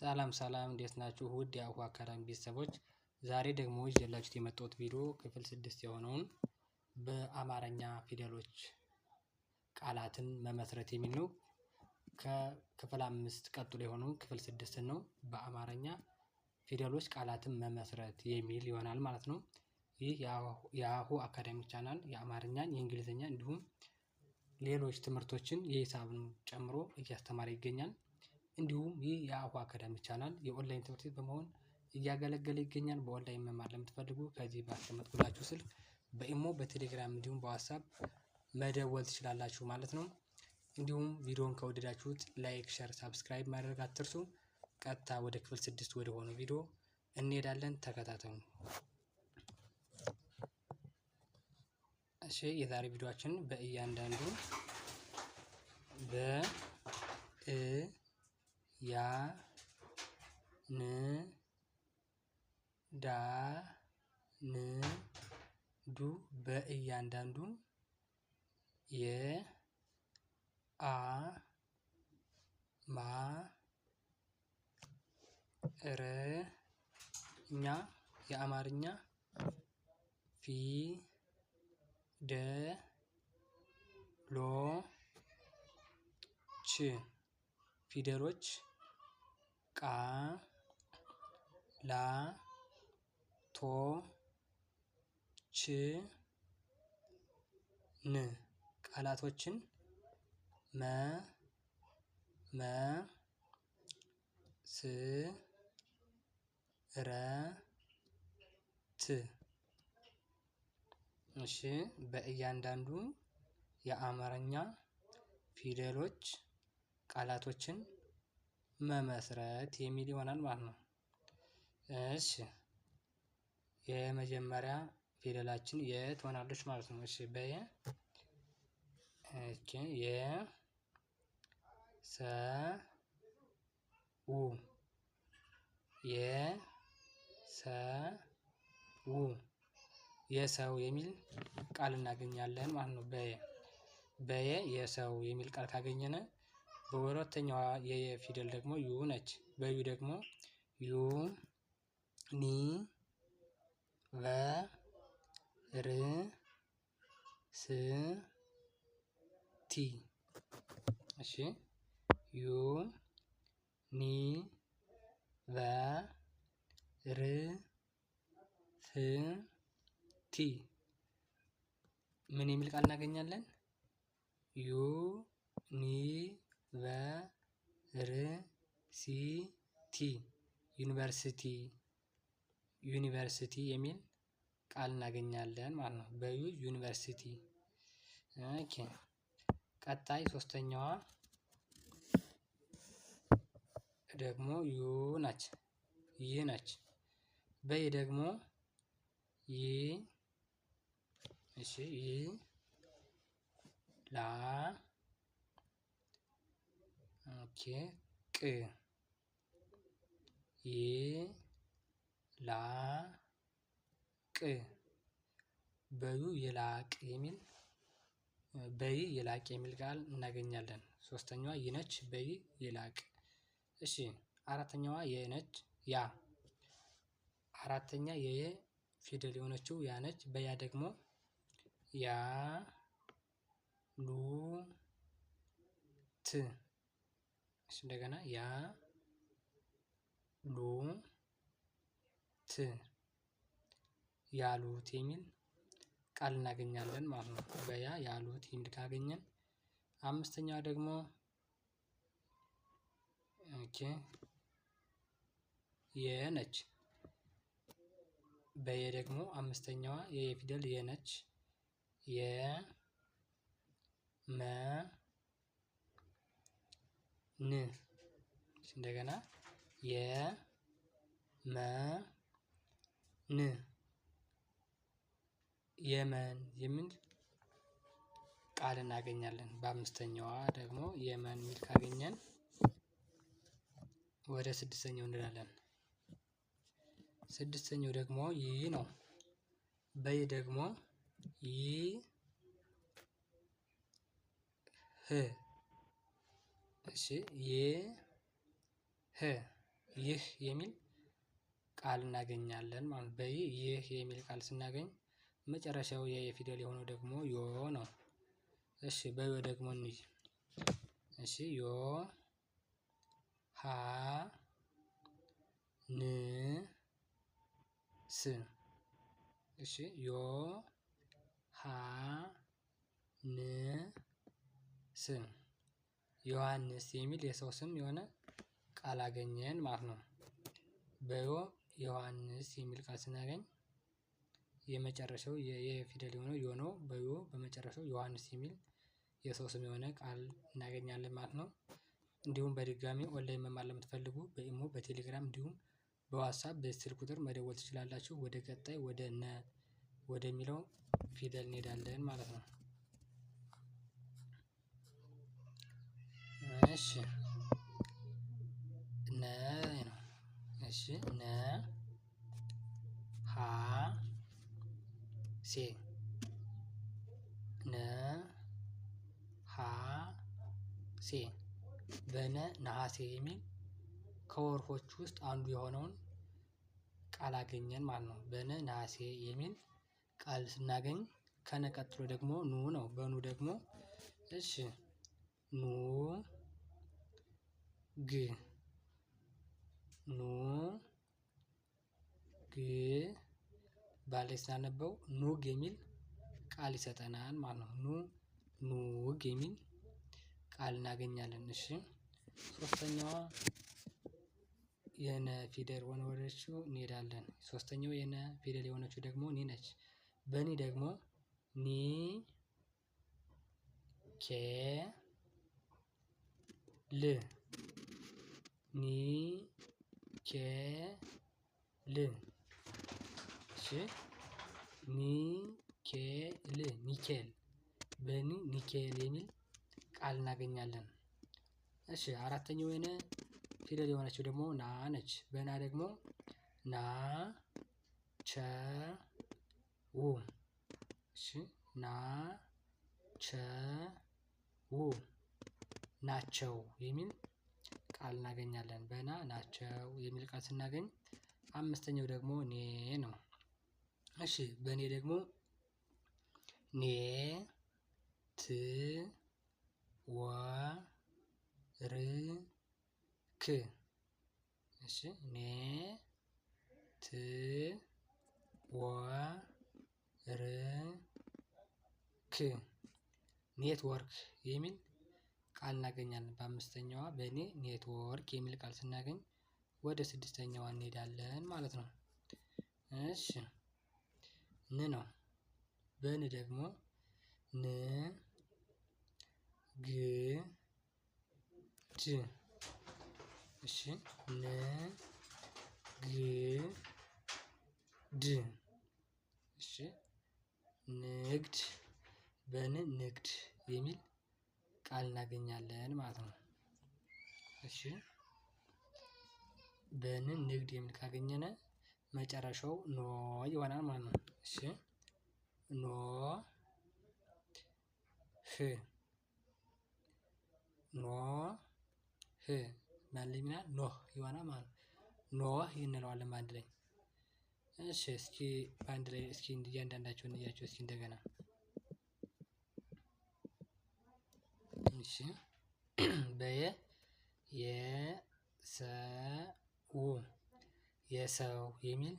ሰላም ሰላም እንዴት ናችሁ? ውድ የአሁ አካዳሚ ቤተሰቦች ዛሬ ደግሞ ይዤላችሁ የመጣሁት ቪዲዮ ክፍል ስድስት የሆነውን በአማርኛ ፊደሎች ቃላትን መመስረት የሚል ነው። ከክፍል አምስት ቀጥሎ የሆነውን ክፍል ስድስትን ነው። በአማርኛ ፊደሎች ቃላትን መመስረት የሚል ይሆናል ማለት ነው። ይህ የአሁ አካዳሚ ቻናል የአማርኛን የእንግሊዝኛ እንዲሁም ሌሎች ትምህርቶችን የሂሳብን ጨምሮ እያስተማረ ይገኛል። እንዲሁም ይህ የአሁ አካዳሚ ቻናል የኦንላይን ትምህርት ቤት በመሆን እያገለገለ ይገኛል። በኦንላይን መማር ለምትፈልጉ ከዚህ ባስቀመጥኩላችሁ ስልክ በኢሞ በቴሌግራም እንዲሁም በዋትሳፕ መደወል ትችላላችሁ ማለት ነው። እንዲሁም ቪዲዮን ከወደዳችሁት ላይክ፣ ሸር፣ ሳብስክራይብ ማድረግ አትርሱ። ቀጥታ ወደ ክፍል ስድስት ወደ ሆነው ቪዲዮ እንሄዳለን። ተከታተሉ። እሺ የዛሬ ቪዲዮችን በእያንዳንዱ በ ያ ን ዳ ን ዱ በእያንዳንዱ የ አ ማ ረ ኛ የአማርኛ ፊ ደ ሎ ች ፊደሎች ቃ ላ ቶ ች ን ቃላቶችን መ መ ስ ረ ት እሺ በእያንዳንዱ የአማርኛ ፊደሎች ቃላቶችን መመስረት የሚል ይሆናል ማለት ነው። እሺ የመጀመሪያ ፊደላችን የ ትሆናለች ማለት ነው። እሺ በየ እቺ የ ሰ ው የ ሰ ው የሰው የሚል ቃል እናገኛለን ማለት ነው። በየ በየ የሰው የሚል ቃል ካገኘነ በሁለተኛዋ የፊደል ደግሞ ዩ ነች። በዩ ደግሞ ዩ ኒ ቨ ር ስ ቲ እሺ ዩ ኒ ቨ ር ስ ቲ ምን የሚል ቃል እናገኛለን? ዩ ኒ ዩኒቨርሲቲ ዩኒቨርሲቲ ዩኒቨርሲቲ የሚል ቃል እናገኛለን ማለት ነው። በዩ ዩኒቨርሲቲ። ኦኬ ቀጣይ ሶስተኛዋ ደግሞ ዩ ናች። ይህ ናች። በይ ደግሞ ይ እሺ ይ ላ ኦኬ ቅ ይ ላ ቅ በዩ የላቅ የሚል በይ የላቅ የሚል ቃል እናገኛለን። ሶስተኛዋ ይነች በይ የላቅ። እሺ አራተኛዋ የነች ያ አራተኛ የየ ፊደል የሆነችው ያነች። በያ ደግሞ ያ ሉ ት እሺ እንደገና ያ ሉ ት ያሉት የሚል ቃል እናገኛለን ማለት ነው። በያ ያሉት የሚል ካገኘን አምስተኛ ደግሞ ኦኬ የነች በየ ደግሞ አምስተኛዋ የፊደል የነች የመ ን እንደገና የ መ ን የመን የሚል ቃል እናገኛለን። በአምስተኛዋ ደግሞ የመን የሚል ካገኘን ወደ ስድስተኛው እንላለን። ስድስተኛው ደግሞ ይህ ነው። በይ ደግሞ ይህ ህ እሺ ይህ ይህ የሚል ቃል እናገኛለን ማለት በይ ይህ የሚል ቃል ስናገኝ መጨረሻው ፊደል የሆነው ደግሞ ዮ ነው። እሺ በዮ ደግሞ እንይ። እሺ ዮ ሀ ን ስ እሺ ዮ ሀ ን ስ ዮሐንስ የሚል የሰው ስም የሆነ ቃል አገኘን ማለት ነው። በዮ ዮሐንስ የሚል ቃል ስናገኝ የመጨረሻው የፊደል የሆነው ዮ ነው በዮ በመጨረሻው ዮሐንስ የሚል የሰው ስም የሆነ ቃል እናገኛለን ማለት ነው። እንዲሁም በድጋሚ ኦንላይን መማር ለምትፈልጉ በኢሞ በቴሌግራም እንዲሁም በዋትሳፕ በስልክ ቁጥር መደወል ትችላላችሁ። ወደ ቀጣይ ወደ ነ ወደሚለው ፊደል እንሄዳለን ማለት ነው። እሺ ነ ነው። እሺ ነ ሀ ሴ ነ ሀ ሴ በነ ነሐሴ የሚል ከወርሆች ውስጥ አንዱ የሆነውን ቃል አገኘን ማለት ነው። በነ ነሐሴ የሚል ቃል ስናገኝ ከነ ቀጥሎ ደግሞ ኑ ነው። በኑ ደግሞ እሺ ኑ ግ ኑ ግ ባለ ስናነበው ኑግ የሚል ቃል ይሰጠናል ማለት ነው። ኑ ኑግ የሚል ቃል እናገኛለን። እሺ ሶስተኛዋ የነ ፊደል ሆነ ወደችው እንሄዳለን። ሶስተኛው የነ ፊደል የሆነችው ደግሞ ኒ ነች። በኒ ደግሞ ኒ ኬ ል ኒኬል እሺ ኒኬል ኒኬል በኒ ኒኬል የሚል ቃል እናገኛለን። እሺ አራተኛው የነ ፊደል የሆነችው ደግሞ ና ነች። በና ደግሞ ና ቸ ው እሺ ና ቸ ው ናቸው የሚል ቃል እናገኛለን በና ናቸው የሚል ቃል ስናገኝ አምስተኛው ደግሞ ኔ ነው። እሺ በእኔ ደግሞ ኔ ት ወ ር ክ እሺ ኔ ት ወ ር ክ ኔትወርክ የሚል ቃል እናገኛለን በአምስተኛዋ በእኔ ኔትወርክ የሚል ቃል ስናገኝ ወደ ስድስተኛዋ እንሄዳለን ማለት ነው። እሺ ን ነው በን ደግሞ ን ግ ድ እሺ ን ግ ድ እሺ ንግድ በን ንግድ የሚል ቃል እናገኛለን ማለት ነው። እሺ በን ንግድ የሚል ካገኘነ መጨረሻው ኖ ይሆናል ማለት ነው። እሺ ኖ ህ ኖ ህ ማለሚና ኖህ ይሆናል ማለት ነው። ኖህ እንለዋለን በአንድ ላይ። እሺ እስኪ በአንድ ላይ እስኪ እያንዳንዳቸውን እንያቸው እስኪ እንደገና እሺ በየ የሰው የሰው የሚል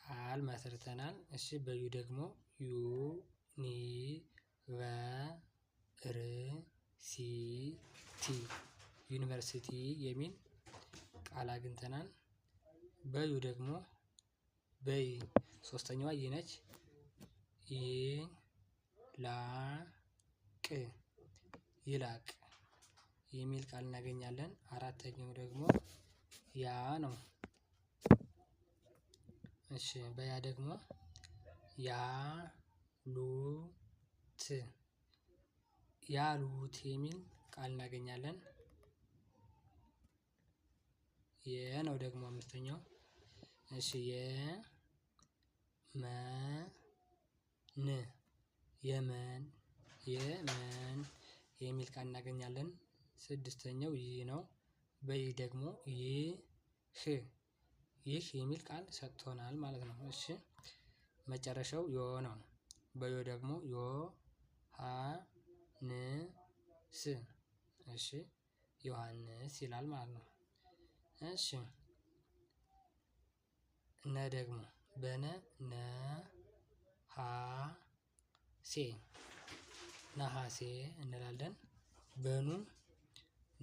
ቃል መስርተናል። እሺ በዩ ደግሞ ዩኒቨርሲቲ ዩኒቨርሲቲ የሚል ቃል አግኝተናል። በዩ ደግሞ በይ ሶስተኛዋ ይነች ቅ ይላቅ የሚል ቃል እናገኛለን። አራተኛው ደግሞ ያ ነው። እሺ በያ ደግሞ ያሉት ያሉት የሚል ቃል እናገኛለን። የ ነው ደግሞ አምስተኛው። እሺ ን የመን የመን የሚል ቃል እናገኛለን። ስድስተኛው ይህ ነው። በይህ ደግሞ ይህ ይህ የሚል ቃል ሰጥቶናል ማለት ነው። እሺ መጨረሻው ዮ ነው። በዮ ደግሞ ዮ ሀ ን ስ እሺ ዮሐንስ ይላል ማለት ነው። እሺ ነ ደግሞ በነ ነ ሀ ሴ ነሐሴ እንላለን። በኑ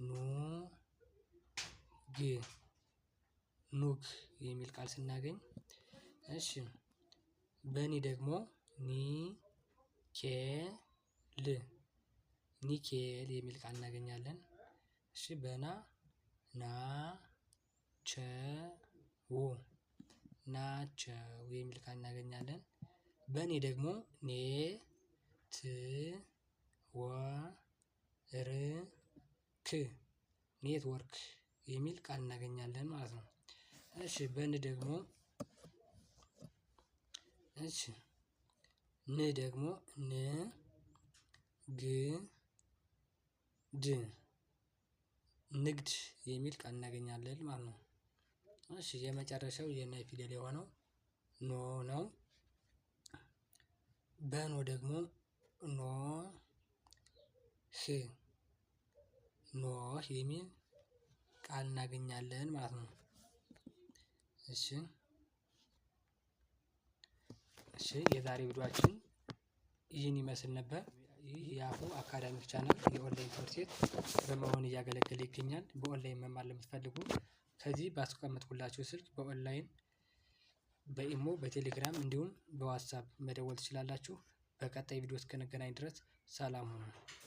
ኑ ግ ኑግ የሚል ቃል ስናገኝ፣ እሺ በኒ ደግሞ ኒ ኬል ኒኬል የሚል ቃል እናገኛለን። እሺ በና ና ቸው ናቸው የሚል ቃል እናገኛለን። በኔ ደግሞ ኔ ት ወርክ ኔትወርክ የሚል ቃል እናገኛለን ማለት ነው። እሺ በን ደግሞ እሺ ን ደግሞ ን ግ ድ ንግድ የሚል ቃል እናገኛለን ማለት ነው። እሺ የመጨረሻው የነ ፊደል የሆነው ኖ ነው። በኖ ደግሞ ኖ ህ ኖህ የሚል ቃል እናገኛለን ማለት ነው። እሺ እሺ የዛሬ ቪዲዮአችን ይህን ይመስል ነበር። ይህ የአፉ አካዳሚክ ቻናል የኦንላይን ትምህርት ቤት በመሆን እያገለገለ ይገኛል። በኦንላይን መማር ለምትፈልጉ ከዚህ ባስቀመጥኩላችሁ ስልክ በኦንላይን በኢሞ በቴሌግራም እንዲሁም በዋትሳፕ መደወል ትችላላችሁ። በቀጣይ ቪዲዮ እስክንገናኝ ድረስ ሰላም ሁኑ።